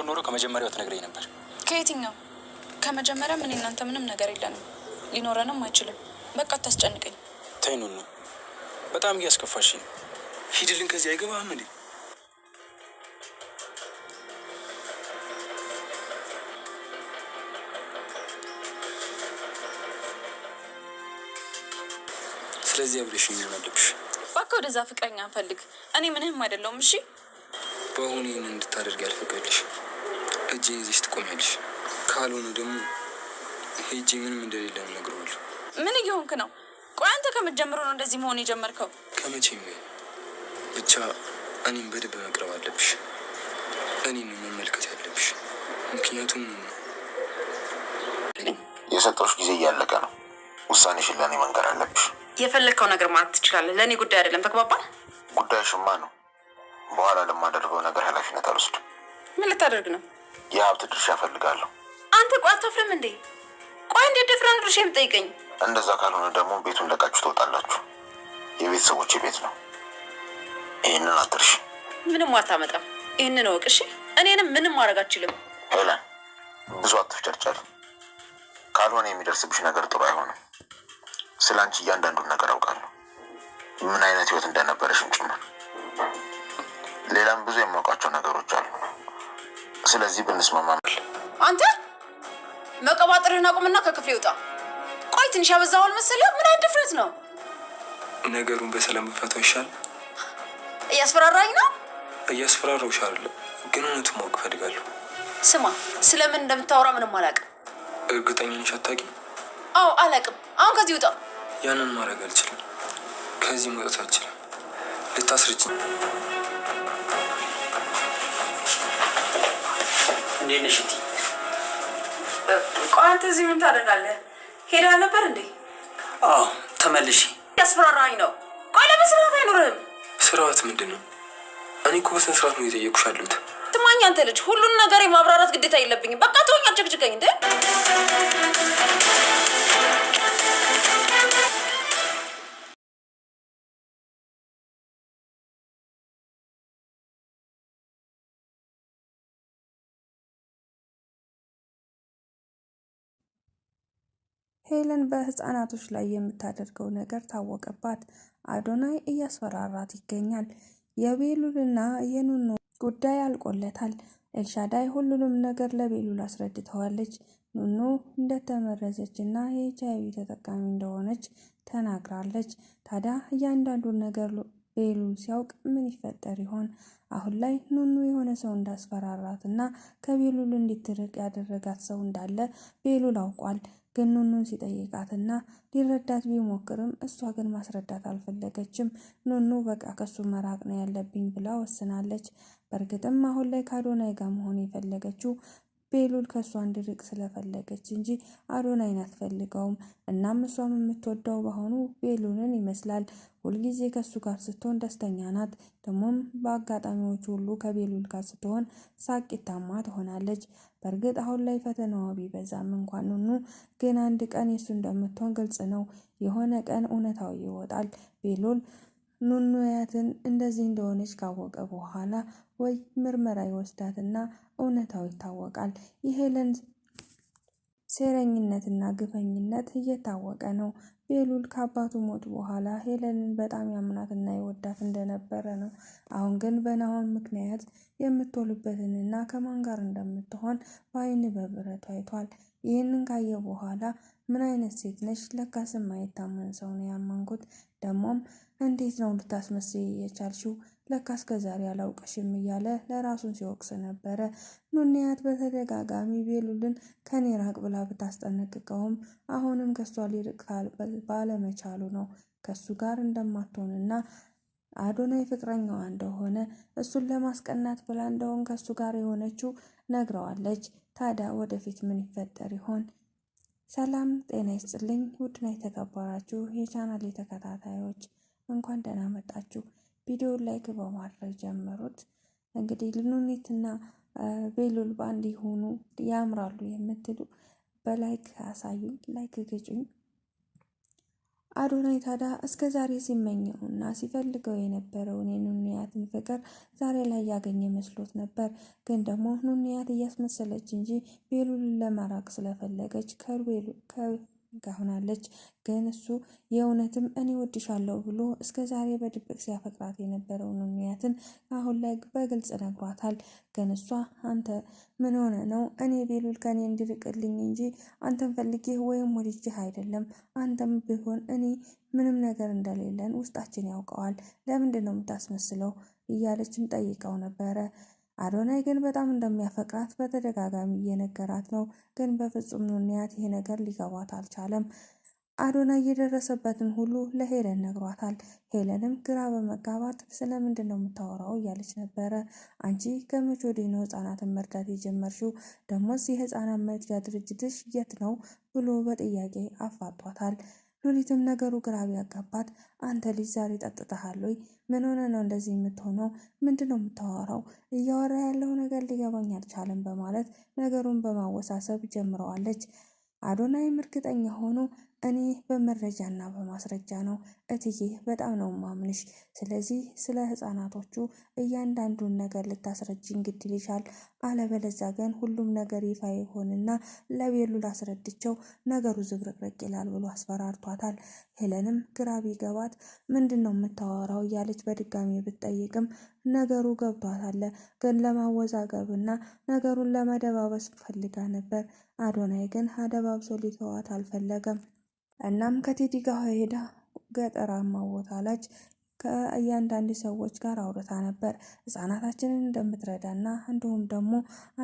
ብትሆን ኖሮ ከመጀመሪያው ትነግረኝ ነበር። ከየትኛው ከመጀመሪያ? ምን እናንተ ምንም ነገር የለንም፣ ሊኖረንም አይችልም። በቃ አታስጨንቀኝ። ተይ ኑኑ፣ በጣም እያስከፋሽ ነው። ሂድልን ከዚህ አይገባህም እንዴ? ስለዚህ አብሬሽ መሆን አለብሽ። እባክህ ወደዛ ፍቅረኛ ፈልግ። እኔ ምንም አይደለውም። እሺ በአሁኑ ይህን እንድታደርግ ያልፈቀድልሽ እጄ ይዘሽ ትቆሚያለሽ። ካልሆነ ደግሞ ሄጄ ምንም እንደሌለ እነግረዋለሁ። ምን እየሆንክ ነው? ቆይ አንተ ከመጀመሩ ነው እንደዚህ መሆን የጀመርከው? ከመቼም ብቻ እኔም በደንብ መቅረብ አለብሽ። እኔን መመልከት ያለብሽ ምክንያቱም የሰጠሁሽ ጊዜ እያለቀ ነው። ውሳኔሽን ለእኔ መንገር አለብሽ። የፈለግከው ነገር ማለት ትችላለህ። ለእኔ ጉዳይ አይደለም። ተግባባል? ሽማ ነው። በኋላ ለማደርገው ነገር ኃላፊነት አልወስድም። ምን ልታደርግ ነው? የሀብት ድርሻ እፈልጋለሁ። አንተ ቆይ አታፍርም እንዴ? ቆይ እንዴት ደፍረህ ድርሻ የምጠይቀኝ? እንደዛ ካልሆነ ደግሞ ቤቱን ለቃችሁ ትወጣላችሁ። የቤተሰቦች ቤት ነው። ይህንን አትርሽ። ምንም አታመጣም። ይህንን እወቅ እሺ? እኔንም ምንም ማድረግ አችልም። ሄለን ብዙ አትፍጨርጨር። ካልሆነ የሚደርስብሽ ነገር ጥሩ አይሆንም። ስለ አንቺ እያንዳንዱን ነገር አውቃለሁ፣ ምን አይነት ህይወት እንደነበረሽም ጭምር። ሌላም ብዙ የማውቃቸው ነገሮች አሉ። ስለዚህ ብንስማማል። አንተ መቀባጠርህን አቁምና ከክፍል ይውጣ። ቆይ ትንሽ ያበዛው አልመሰለህ? ምን አይነት ድፍረት ነው? ነገሩን በሰላም ብፈታው ይሻል። እያስፈራራኝ ነው። እያስፈራራሁሽ አይደለም፣ ግን እውነቱን ማወቅ እፈልጋለሁ። ስማ፣ ስለምን እንደምታወራ ምንም አላውቅም። እርግጠኛ ነሽ አታውቂም? አዎ አላውቅም። አሁን ከዚህ ውጣ። ያንን ማድረግ አልችልም። ከዚህ መውጣት አልችልም። ልታስርጭኝ እንዴት ነሽ? እህቴ ቆይ አንተ እዚህ ምን ታደርጋለህ? ሄዳ ነበር እንዴ? አዎ ተመልሼ ያስፈራራኝ ነው። ቆይ ለምን ስርዓት አይኖርህም? ስርዓት ምንድን ነው? እኔ እኮ በስነ ስርዓት ነው እየጠየኩሽ ያለሁት። ትማኝ አንተ ልጅ፣ ሁሉን ነገር የማብራራት ግዴታ የለብኝም። በቃ ተወኝ፣ አጨቅጭቀኝ እንዴ ሄለን በሕፃናቶች ላይ የምታደርገው ነገር ታወቀባት። አዶናይ እያስፈራራት ይገኛል። የቤሉልና የኑኑ ጉዳይ አልቆለታል። ኤልሻዳይ ሁሉንም ነገር ለቤሉል አስረድተዋለች። ኑኑ እንደተመረዘች እና የኤች ቪ ተጠቃሚ እንደሆነች ተናግራለች። ታዲያ እያንዳንዱን ነገር ቤሉል ሲያውቅ ምን ይፈጠር ይሆን? አሁን ላይ ኑኑ የሆነ ሰው እንዳስፈራራት እና ከቤሉል እንዲትርቅ ያደረጋት ሰው እንዳለ ቤሉል አውቋል። ግን ኑኑን ሲጠይቃትና ሊረዳት ቢሞክርም እሷ ግን ማስረዳት አልፈለገችም። ኑኑ በቃ ከሱ መራቅ ነው ያለብኝ ብላ ወስናለች። በእርግጥም አሁን ላይ ካዶናይ ጋር መሆን የፈለገችው ቤሉል ከእሷ ርቅ ስለፈለገች እንጂ አዶናይን አትፈልገውም። እናም እሷም የምትወደው በአሁኑ ቤሉልን ይመስላል። ሁልጊዜ ከእሱ ጋር ስትሆን ደስተኛ ናት። ደግሞም በአጋጣሚዎች ሁሉ ከቤሉል ጋር ስትሆን ሳቂታማ ትሆናለች። በእርግጥ አሁን ላይ ፈተናዋ ቢበዛም እንኳን ኑኑ ግን አንድ ቀን የእሱ እንደምትሆን ግልጽ ነው። የሆነ ቀን እውነታው ይወጣል። ቤሉል ኑኑያትን እንደዚህ እንደሆነች ካወቀ በኋላ ወይ ምርመራ ይወስዳትና እውነታው ይታወቃል። የሄለን ሴረኝነትና ግፈኝነት እየታወቀ ነው። ቤሉል ከአባቱ ሞት በኋላ ሄለንን በጣም ያምናትና ይወዳት እንደነበረ ነው። አሁን ግን በናሆን ምክንያት የምትወልበትንና ከማን ጋር እንደምትሆን በአይን በብረቱ አይቷል። ይህንን ካየ በኋላ ምን አይነት ሴት ነች? ለካስም አይታመን ሰው ነው ያመንኩት ደግሞም እንዴት ነው ልታስመስይ የቻልሽው? ለካ እስከ ዛሬ አላውቀሽም እያለ ለራሱን ሲወቅስ ነበረ። ኑንያት በተደጋጋሚ ቤሉልን ከኔ ራቅ ብላ ብታስጠነቅቀውም አሁንም ከሷ ሊርቅ ባለመቻሉ ነው ከሱ ጋር እንደማትሆንና አዶናይ ፍቅረኛዋ እንደሆነ እሱን ለማስቀናት ብላ እንደሆን ከሱ ጋር የሆነችው ነግረዋለች። ታዲያ ወደፊት ምን ይፈጠር ይሆን? ሰላም ጤና ይስጥልኝ። ውድና የተከበራችሁ የቻናል ተከታታዮች እንኳን ደህና መጣችሁ። ቪዲዮ ላይክ በማድረግ ጀምሩት። እንግዲህ ልኑኒት እና ቤሉል በአንድ የሆኑ ያምራሉ የምትሉ በላይክ አሳዩኝ፣ ላይክ ግጩኝ። አዶናይ ታዲያ እስከ ዛሬ ሲመኘው እና ሲፈልገው የነበረውን የኑንያትን ፍቅር ዛሬ ላይ ያገኘ መስሎት ነበር። ግን ደግሞ ኑንያት እያስመሰለች እንጂ ቤሉልን ለማራቅ ስለፈለገች ጋር ሆናለች። ግን እሱ የእውነትም እኔ ወድሻለሁ ብሎ እስከ ዛሬ በድብቅ ሲያፈቅራት የነበረውን ምክንያትን አሁን ላይ በግልጽ ነግሯታል። ግን እሷ አንተ ምን ሆነ ነው እኔ ቤሉል ከኔ እንዲርቅልኝ እንጂ አንተን ፈልጌ ወይም ወድጅህ አይደለም። አንተም ቢሆን እኔ ምንም ነገር እንደሌለን ውስጣችን ያውቀዋል። ለምንድን ነው የምታስመስለው? እያለችም ጠይቀው ነበረ። አዶናይ ግን በጣም እንደሚያፈቅራት በተደጋጋሚ እየነገራት ነው። ግን በፍጹም ኑንያት ይሄ ነገር ሊገባት አልቻለም። አዶናይ የደረሰበትን ሁሉ ለሄለን ነግሯታል። ሄለንም ግራ በመጋባት ስለምንድን ነው የምታወራው እያለች ነበረ። አንቺ ከመቼ ወዲህ ነው ህጻናትን መርዳት የጀመርሽው? ደግሞስ የህፃናት መርጃ ድርጅትሽ የት ነው ብሎ በጥያቄ አፋጧታል። ሉሊትም ነገሩ ግራ ቢያጋባት አንተ ልጅ ዛሬ ጠጥተሃል ወይ? ምን ሆነ ነው እንደዚህ የምትሆነው? ምንድን ነው የምታወራው? እያወራ ያለው ነገር ሊገባኝ አልቻለም በማለት ነገሩን በማወሳሰብ ጀምረዋለች። አዶናይም እርግጠኛ ሆኖ እኔ በመረጃና በማስረጃ ነው እትዬ፣ በጣም ነው ማምንሽ። ስለዚህ ስለ ህጻናቶቹ እያንዳንዱን ነገር ልታስረጅኝ ግድ ይልሻል። አለበለዚያ ግን ሁሉም ነገር ይፋ ይሆንና ለቤሉ ላስረድቸው ነገሩ ዝብርቅርቅ ይላል ብሎ አስፈራርቷታል። ሄለንም ግራ ቢገባት ምንድን ነው የምታወራው እያለች በድጋሚ ብትጠይቅም ነገሩ ገብቷታል። ግን ለማወዛገብና ነገሩን ለመደባበስ ፈልጋ ነበር። አዶናይ ግን አደባብሶ ሊተዋት አልፈለገም። እናም ከቴዲ ጋር ሄዳ ገጠራማ ቦታ ላይ ከእያንዳንዱ ሰዎች ጋር አውርታ ነበር። ህጻናታችንን እንደምትረዳና እንዲሁም ደግሞ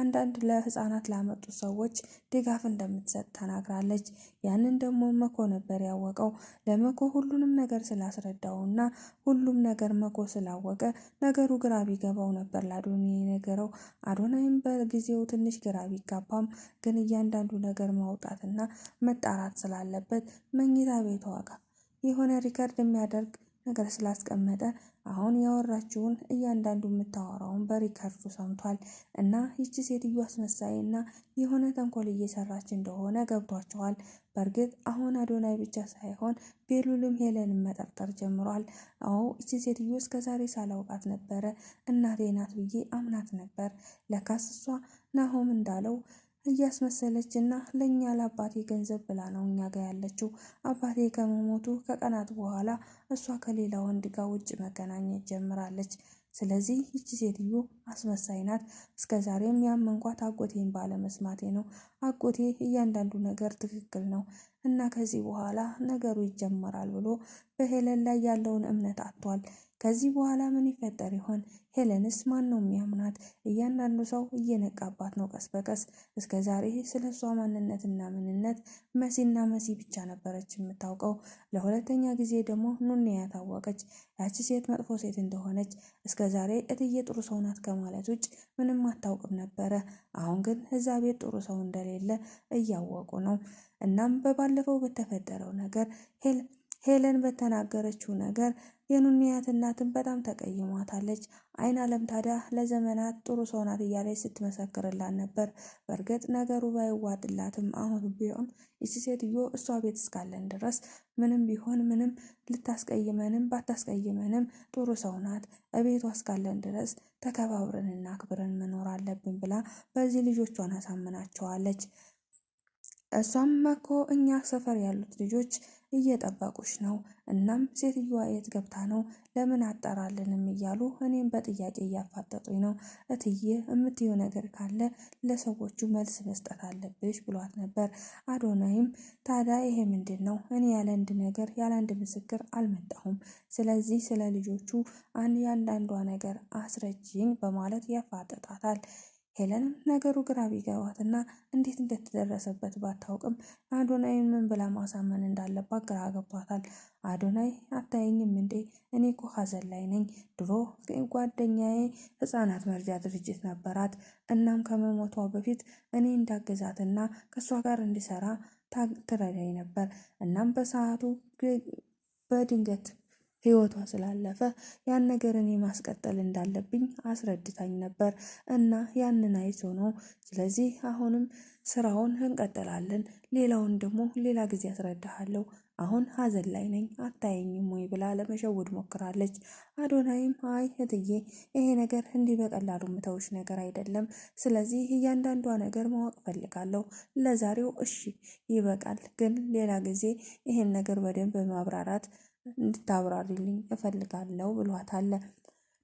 አንዳንድ ለህጻናት ላመጡ ሰዎች ድጋፍ እንደምትሰጥ ተናግራለች። ያንን ደግሞ መኮ ነበር ያወቀው። ለመኮ ሁሉንም ነገር ስላስረዳው እና ሁሉም ነገር መኮ ስላወቀ ነገሩ ግራ ቢገባው ነበር ለአዶኒ የነገረው። አዶናይም በጊዜው ትንሽ ግራ ቢጋባም ግን እያንዳንዱ ነገር ማውጣትና መጣራት ስላለበት መኝታ ቤቷ ጋር የሆነ ሪከርድ የሚያደርግ ነገር ስላስቀመጠ አሁን ያወራችውን እያንዳንዱ የምታወራውን በሪከርዱ ሰምቷል እና ይቺ ሴትዮ አስመሳይ እና የሆነ ተንኮል እየሰራች እንደሆነ ገብቷቸዋል። በእርግጥ አሁን አዶናይ ብቻ ሳይሆን ቤሉልም ሄለንን መጠርጠር ጀምሯል። አዎ እቺ ሴትዮ ዛሬ ሳላውቃት ነበረ እናቴ ናት ብዬ አምናት ነበር። ለካስ እሷ ናሆም እንዳለው እያስመሰለች እና ለእኛ ለአባቴ ገንዘብ ብላ ነው እኛ ጋር ያለችው። አባቴ ከመሞቱ ከቀናት በኋላ እሷ ከሌላ ወንድ ጋር ውጭ መገናኘት ጀምራለች። ስለዚህ ይቺ ሴትዮ አስመሳይ ናት። እስከ ዛሬም ያመንኳት አጎቴን ባለመስማቴ ነው። አጎቴ እያንዳንዱ ነገር ትክክል ነው እና ከዚህ በኋላ ነገሩ ይጀመራል ብሎ በሄለን ላይ ያለውን እምነት አጥቷል። ከዚህ በኋላ ምን ይፈጠር ይሆን? ሄለንስ ማን ነው የሚያምናት? እያንዳንዱ ሰው እየነቃባት ነው ቀስ በቀስ። እስከ ዛሬ ስለ እሷ ማንነትና ምንነት መሲና መሲ ብቻ ነበረች የምታውቀው። ለሁለተኛ ጊዜ ደግሞ ኑንያ ታወቀች። ያቺ ሴት መጥፎ ሴት እንደሆነች እስከ ዛሬ እትዬ ጥሩ ሰው ናት ከማለት ውጭ ምንም አታውቅም ነበረ። አሁን ግን እዛ ቤት ጥሩ ሰው እንደሌለ እያወቁ ነው። እናም በባለፈው በተፈጠረው ነገር ሄል ሄለን በተናገረችው ነገር የኑንያት እናትን በጣም ተቀይሟታለች። አይን አለም ታዲያ ለዘመናት ጥሩ ሰው ናት እያለች ስትመሰክርላት ነበር። በእርግጥ ነገሩ ባይዋጥላትም አሁን ቢሆን እቺ ሴትዮ እሷ ቤት እስካለን ድረስ ምንም ቢሆን ምንም ልታስቀይመንም ባታስቀይመንም ጥሩ ሰው ናት፣ እቤቷ እስካለን ድረስ ተከባብረን አክብረን መኖር አለብን ብላ በዚህ ልጆቿን አሳምናቸዋለች። እሷም መኮ እኛ ሰፈር ያሉት ልጆች እየጠበቁሽ ነው። እናም ሴትዮዋ የት ገብታ ነው ለምን አጠራልንም እያሉ እኔም በጥያቄ እያፋጠጡኝ ነው። እትዬ የምትየው ነገር ካለ ለሰዎቹ መልስ መስጠት አለብሽ ብሏት ነበር። አዶናይም ታዲያ ይሄ ምንድን ነው? እኔ ያለ አንድ ነገር ያለ አንድ ምስክር አልመጣሁም። ስለዚህ ስለ ልጆቹ ያንዳንዷ ነገር አስረጅኝ በማለት ያፋጠጣታል። ሄለን ነገሩ ግራ እና እንዴት እንደተደረሰበት ባታውቅም አዶናይን ምን ብላ ማሳመን እንዳለባት ግራ ገብቷታል። አዶናይ አታየኝም እንዴ? እኔ እኮ ሀዘን ላይ ነኝ። ድሮ ጓደኛዬ ሕፃናት መርጃ ድርጅት ነበራት። እናም ከመሞቷ በፊት እኔ እና ከእሷ ጋር እንዲሰራ ትረዳኝ ነበር። እናም በሰዓቱ በድንገት ህይወቷ ስላለፈ ያን ነገር እኔ ማስቀጠል እንዳለብኝ አስረድታኝ ነበር እና ያንን አይቶ ነው። ስለዚህ አሁንም ስራውን እንቀጥላለን፣ ሌላውን ደግሞ ሌላ ጊዜ አስረዳሃለሁ። አሁን ሀዘን ላይ ነኝ አታየኝም ወይ ብላ ለመሸውድ ሞክራለች። አዶናይም አይ እትዬ፣ ይሄ ነገር እንዲህ በቀላሉ ምተውሽ ነገር አይደለም። ስለዚህ እያንዳንዷ ነገር ማወቅ ፈልጋለሁ። ለዛሬው እሺ ይበቃል፣ ግን ሌላ ጊዜ ይሄን ነገር በደንብ ማብራራት እንድታብራሪልኝ እፈልጋለሁ ብሏታል።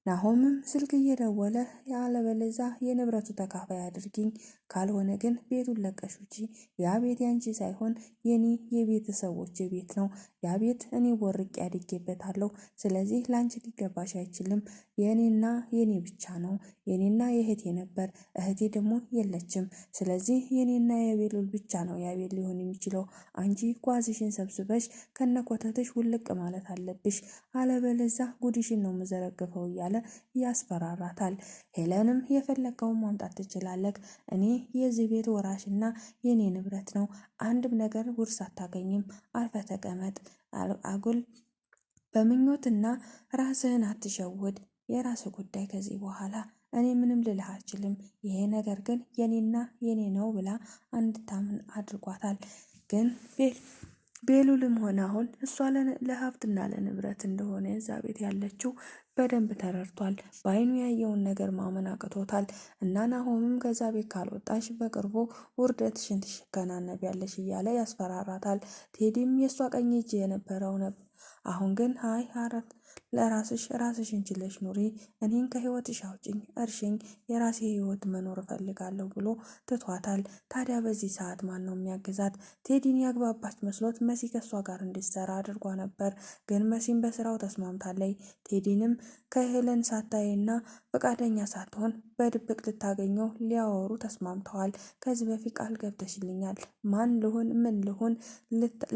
ናሆምም ስልክ እየደወለ ያለበለዛ የንብረቱ ተካፋይ አድርጊኝ፣ ካልሆነ ግን ቤቱን ለቀሽ ውጪ፣ ያ ቤት ያንቺ ሳይሆን የኔ የቤተሰቦች ቤት ነው። ያ ቤት እኔ ቦርቄ አድጌበታለሁ። ስለዚህ ላንቺ ሊገባሽ አይችልም። የእኔና የኔ ብቻ ነው። የኔና የእህቴ ነበር፣ እህቴ ደግሞ የለችም። ስለዚህ የኔና የቤሉል ብቻ ነው ያ ቤት ሊሆን የሚችለው። አንቺ ጓዝሽን ሰብስበሽ ከነኮተትሽ ውልቅ ማለት አለብሽ፣ አለበለዛ ጉድሽን ነው የምዘረግፈው እያለ እያለ ያስፈራራታል። ሄለንም የፈለገውን ማምጣት ትችላለህ፣ እኔ የዚህ ቤት ወራሽና የኔ ንብረት ነው፣ አንድም ነገር ውርስ አታገኝም፣ አርፈ ተቀመጥ፣ አጉል በምኞትና ራስህን አትሸውድ፣ የራስ ጉዳይ ከዚህ በኋላ እኔ ምንም ልልህ አልችልም፣ ይሄ ነገር ግን የኔና የኔ ነው ብላ እንድታምን አድርጓታል። ግን ቤሉልም ሆነ አሁን እሷ ለሀብትና ለንብረት እንደሆነ እዛ ቤት ያለችው በደንብ ተረድቷል። በአይኑ ያየውን ነገር ማመን አቅቶታል። እና ናሆምም ከዛ ቤት ካልወጣሽ በቅርቡ ውርደትሽን ትሸከናነቢያለሽ እያለ ያስፈራራታል። ቴዲም የእሷ ቀኝ እጅ የነበረው ነበር። አሁን ግን ሀይ አራት ለራስሽ ራስሽን ችለሽ ኑሪ፣ እኔን ከህይወትሽ አውጭኝ፣ እርሽኝ፣ የራሴ ህይወት መኖር እፈልጋለሁ ብሎ ትቷታል። ታዲያ በዚህ ሰዓት ማን ነው የሚያግዛት? ቴዲን ያግባባች መስሎት መሲ ከእሷ ጋር እንዲሰራ አድርጓ ነበር። ግን መሲም በስራው ተስማምታለይ። ቴዲንም ከሄለን ሳታይና ፈቃደኛ ሳትሆን በድብቅ ልታገኘው ሊያወሩ ተስማምተዋል። ከዚህ በፊት ቃል ገብተሽልኛል፣ ማን ልሁን ምን ልሁን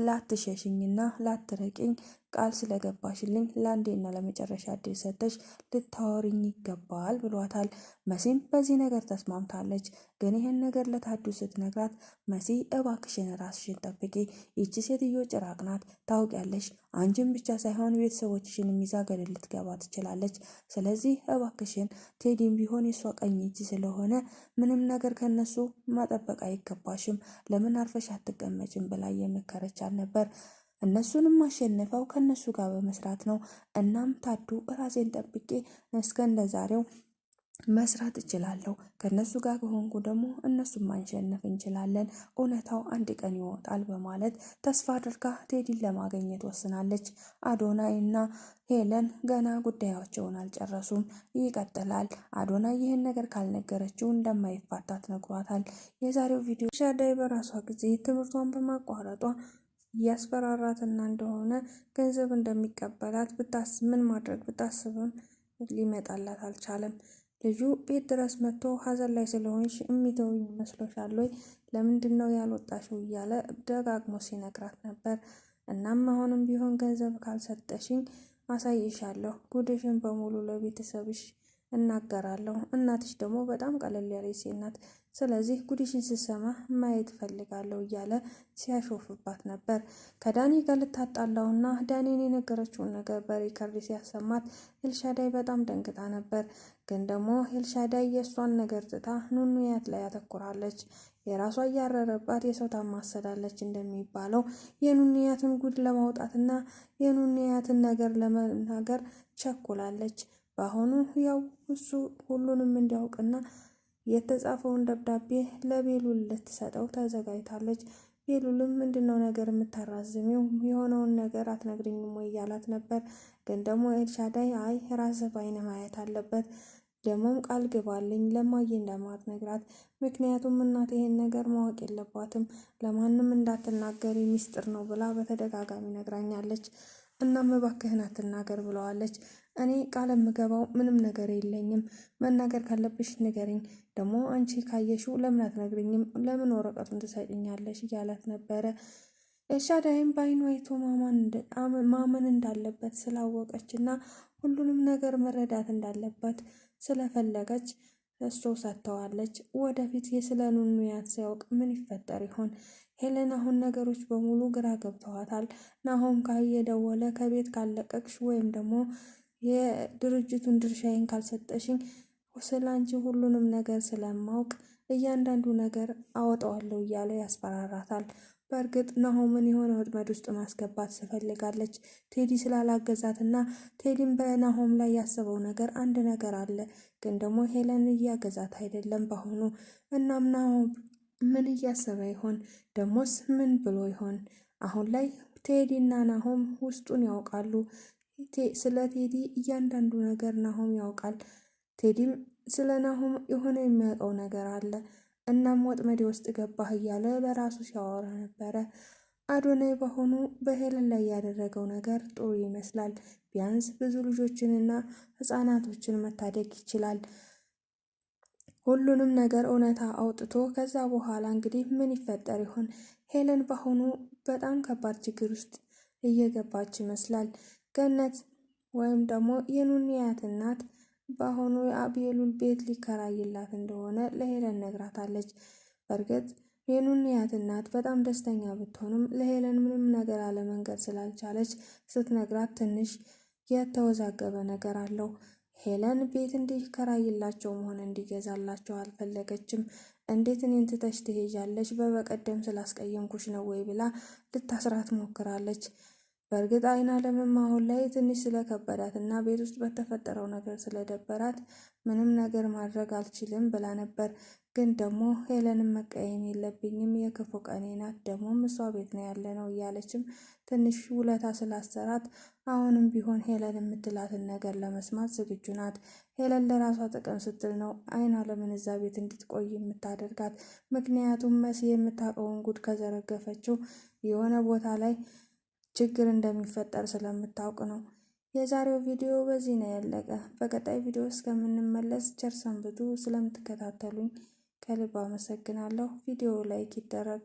ላትሸሽኝና ላትረቂኝ ቃል ስለገባሽልኝ ለአንዴና ለመጨረሻ እድል ሰጥተሽ ልታወሪኝ ይገባል ብሏታል። መሲም በዚህ ነገር ተስማምታለች። ግን ይህን ነገር ለታዱ ስትነግራት መሲ እባክሽን ራስሽን ጠብቂ፣ ይቺ ሴትዮ ጭራቅ ናት። ታውቂያለሽ፣ አንቺን ብቻ ሳይሆን ቤተሰቦችሽን ይዛ ገደል ልትገባ ትችላለች። ስለዚህ እባክሽን ቴዲም ቢሆን የሷ ቀኝ እጅ ስለሆነ ምንም ነገር ከነሱ መጠበቅ አይገባሽም። ለምን አርፈሽ አትቀመጭም ብላ የመከረቻት ነበር። እነሱንም አሸንፈው ከነሱ ጋር በመስራት ነው። እናም ታዱ ራሴን ጠብቄ እስከ ዛሬው መስራት እችላለሁ። ከእነሱ ጋር ከሆንኩ ደግሞ እነሱን ማሸነፍ እንችላለን። እውነታው አንድ ቀን ይወጣል በማለት ተስፋ አድርጋ ቴዲን ለማገኘት ወስናለች። አዶናይ እና ሄለን ገና ጉዳያቸውን አልጨረሱም፣ ይቀጥላል። አዶናይ ይህን ነገር ካልነገረችው እንደማይፋታት ነግሯታል። የዛሬው ቪዲዮ ሻዳይ በራሷ ጊዜ ትምህርቷን በማቋረጧ እያስፈራራትና እንደሆነ ገንዘብ እንደሚቀበላት ምን ማድረግ ብታስብም ሊመጣላት አልቻለም። ልጁ ቤት ድረስ መጥቶ ሀዘን ላይ ስለሆንሽ እሚተው ይመስሎሻል ወይ? ለምንድን ነው ያልወጣሽው? እያለ ደጋግሞ ሲነግራት ነበር። እናም አሁንም ቢሆን ገንዘብ ካልሰጠሽኝ አሳይሻለሁ፣ ጉድሽን በሙሉ ለቤተሰብሽ እናገራለሁ። እናትሽ ደግሞ በጣም ቀለል ያለች ሴት ናት። ስለዚህ ጉዲሽን ስሰማ ማየት እፈልጋለሁ እያለ ሲያሾፍባት ነበር። ከዳኒ ጋር ልታጣላውና ዳኒን የነገረችውን ነገር በሪከርድ ሲያሰማት ኤልሻዳይ በጣም ደንግጣ ነበር። ግን ደግሞ ኤልሻዳይ የእሷን ነገር ጥታ ኑኑያት ላይ ያተኩራለች። የራሷ እያረረባት የሰው ታማሰላለች እንደሚባለው የኑኑያትን ጉድ ለማውጣትና የኑኑያትን ነገር ለመናገር ቸኩላለች። በአሁኑ ያው እሱ ሁሉንም እንዲያውቅና የተጻፈውን ደብዳቤ ለቤሉል ልትሰጠው ተዘጋጅታለች። ቤሉልም ምንድነው ነገር የምታራዝሚው? የሆነውን ነገር አትነግሪኝም ወይ እያላት ነበር። ግን ደግሞ ኤልሻዳይ አይ ራስህ ባይነ ማየት አለበት ደግሞም ቃል ግባልኝ ለማየ ነግራት። ምክንያቱም እናት ይሄን ነገር ማወቅ የለባትም ለማንም እንዳትናገር ሚስጥር ነው ብላ በተደጋጋሚ ነግራኛለች። እናም እባክህን አትናገር ብለዋለች። እኔ ቃል የምገባው ምንም ነገር የለኝም። መናገር ካለብሽ ንገሪኝ። ደግሞ አንቺ ካየሽው ለምን አትነግሪኝም? ለምን ወረቀቱን ትሰጭኛለሽ? እያላት ነበረ። ኤልሻዳይም በአይኑ አይቶ ማመን እንዳለበት ስላወቀች እና ሁሉንም ነገር መረዳት እንዳለበት ስለፈለገች እሶ ሰጥተዋለች። ወደፊት የስለ ኑኑያት ሲያውቅ ምን ይፈጠር ይሆን? ሄለን አሁን ነገሮች በሙሉ ግራ ገብተዋታል። ናሆም ካየደወለ ከቤት ካለቀቅሽ ወይም ደግሞ የድርጅቱን ድርሻዬን ካልሰጠሽኝ ስለ አንቺ ሁሉንም ነገር ስለማውቅ እያንዳንዱ ነገር አወጣዋለሁ እያለ ያስፈራራታል። በእርግጥ ናሆምን የሆነ ወጥመድ ውስጥ ማስገባት ትፈልጋለች። ቴዲ ስላላገዛት እና ቴዲም በናሆም ላይ ያሰበው ነገር አንድ ነገር አለ። ግን ደግሞ ሄለን እያገዛት አይደለም በአሁኑ። እናም ናሆም ምን እያሰበ ይሆን? ደግሞስ ምን ብሎ ይሆን? አሁን ላይ ቴዲ እና ናሆም ውስጡን ያውቃሉ። ስለ ቴዲ እያንዳንዱ ነገር ናሆም ያውቃል። ቴዲም ስለ ናሆም የሆነ የሚያውቀው ነገር አለ። እናም ወጥመዴ ውስጥ ገባህ እያለ ለራሱ ሲያወራ ነበረ። አዶናይ በሆኑ በሄለን ላይ ያደረገው ነገር ጥሩ ይመስላል። ቢያንስ ብዙ ልጆችንና ህፃናቶችን መታደግ ይችላል። ሁሉንም ነገር እውነታ አውጥቶ ከዛ በኋላ እንግዲህ ምን ይፈጠር ይሆን? ሄለን በአሁኑ በጣም ከባድ ችግር ውስጥ እየገባች ይመስላል። ገነት ወይም ደግሞ የኑንያት እናት በአሁኑ የአብየሉል ቤት ሊከራይላት እንደሆነ ለሄለን ነግራታለች። በእርግጥ የኑንያት እናት በጣም ደስተኛ ብትሆንም ለሄለን ምንም ነገር አለመንገድ ስላልቻለች ስትነግራት ትንሽ የተወዛገበ ነገር አለው። ሄለን ቤት እንዲከራይላቸውም ሆነ እንዲገዛላቸው አልፈለገችም። እንዴት እኔን ትተሽ ትሄጃለች? በበቀደም ስላስቀየምኩሽ ነው ወይ ብላ ልታስራት ሞክራለች። በእርግጥ አይና አለምም አሁን ላይ ትንሽ ስለከበዳት እና ቤት ውስጥ በተፈጠረው ነገር ስለደበራት ምንም ነገር ማድረግ አልችልም ብላ ነበር። ግን ደግሞ ሄለንም መቀየም የለብኝም የክፉ ቀኔ ናት፣ ደግሞም እሷ ቤት ነው ያለ ነው እያለችም ትንሽ ውለታ ስላሰራት አሁንም ቢሆን ሄለን የምትላትን ነገር ለመስማት ዝግጁ ናት። ሄለን ለራሷ ጥቅም ስትል ነው አይን አለምን እዛ ቤት እንድትቆይ የምታደርጋት። ምክንያቱም መሲ የምታውቀውን ጉድ ከዘረገፈችው የሆነ ቦታ ላይ ችግር እንደሚፈጠር ስለምታውቅ ነው። የዛሬው ቪዲዮ በዚህ ነው ያለቀ። በቀጣይ ቪዲዮ እስከምንመለስ ቸር ሰንብቱ። ስለምትከታተሉኝ ከልብ አመሰግናለሁ። ቪዲዮ ላይክ ይደረግ።